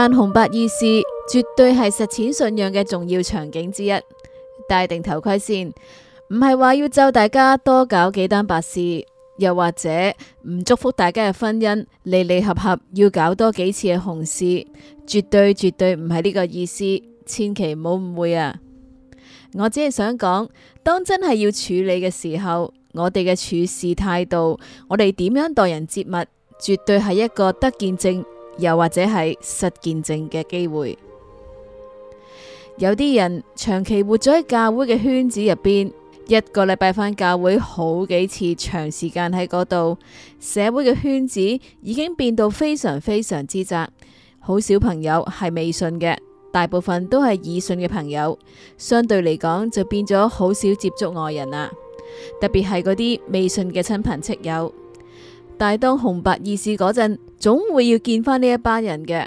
但紅白二事絕對係實踐信仰嘅重要場景之一。戴定頭盔先，唔係話要咒大家多搞幾單白事，又或者唔祝福大家嘅婚姻離離合合要搞多幾次嘅紅事，絕對絕對唔係呢個意思，千祈唔好誤會啊！我只係想講，當真係要處理嘅時候，我哋嘅處事態度，我哋點樣待人接物，絕對係一個得見證。又或者係實見證嘅機會，有啲人長期活咗喺教會嘅圈子入邊，一個禮拜返教會好幾次，長時間喺嗰度，社會嘅圈子已經變到非常非常之窄，好少朋友係未信嘅，大部分都係已信嘅朋友，相對嚟講就變咗好少接觸外人啦，特別係嗰啲未信嘅親朋戚友。但係當紅白二事嗰陣。總會要見翻呢一班人嘅。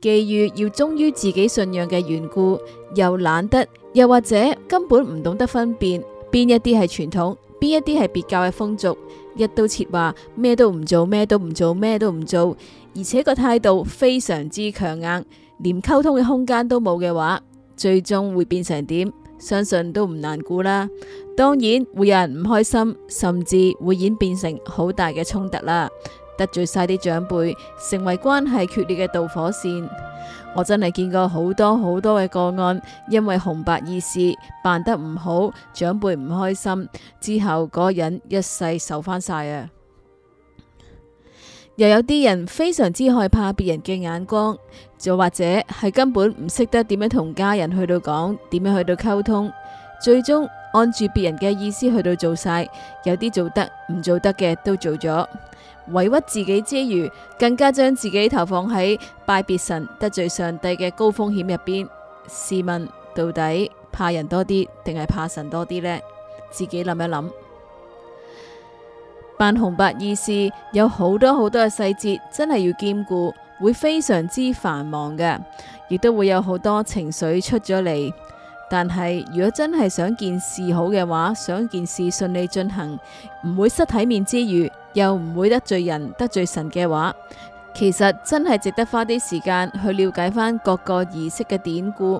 基於要忠於自己信仰嘅緣故，又懶得，又或者根本唔懂得分辨邊一啲係傳統，邊一啲係別教嘅風俗，一刀切話咩都唔做，咩都唔做，咩都唔做，而且個態度非常之強硬，連溝通嘅空間都冇嘅話，最終會變成點？相信都唔難估啦。當然會有人唔開心，甚至會演變成好大嘅衝突啦。得罪晒啲長輩，成為關係決裂嘅導火線。我真係見過好多好多嘅個案，因為紅白二事辦得唔好，長輩唔開心之後，嗰個人一世受翻晒啊！又有啲人非常之害怕別人嘅眼光，又或者係根本唔識得點樣同家人去到講，點樣去到溝通，最終按住別人嘅意思去到做晒，有啲做得唔做得嘅都做咗。委屈自己之餘，更加將自己投放喺拜別神、得罪上帝嘅高風險入邊。試問到底怕人多啲，定係怕神多啲呢？自己諗一諗。辦紅白二事有好多好多嘅細節，真係要兼顧，會非常之繁忙嘅，亦都會有好多情緒出咗嚟。但係如果真係想件事好嘅話，想件事順利進行，唔會失體面之餘。又唔會得罪人、得罪神嘅話，其實真係值得花啲時間去了解翻各個儀式嘅典故，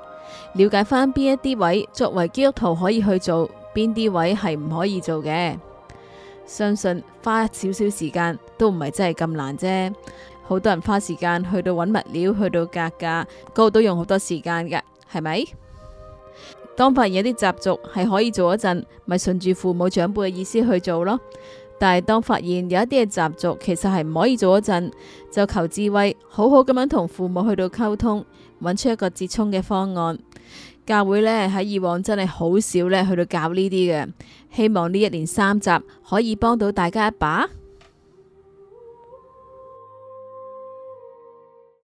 了解翻邊一啲位作為基督徒可以去做，邊啲位係唔可以做嘅。相信花少少時間都唔係真係咁難啫。好多人花時間去到揾物料，去到格價，嗰度都用好多時間噶，係咪？當凡人有啲習俗係可以做一陣，咪順住父母長輩嘅意思去做咯。但係當發現有一啲嘅習俗其實係唔可以做嗰陣，就求智慧，好好咁樣同父母去到溝通，搵出一個折衷嘅方案。教會呢喺以往真係好少呢去到教呢啲嘅，希望呢一連三集可以幫到大家一把。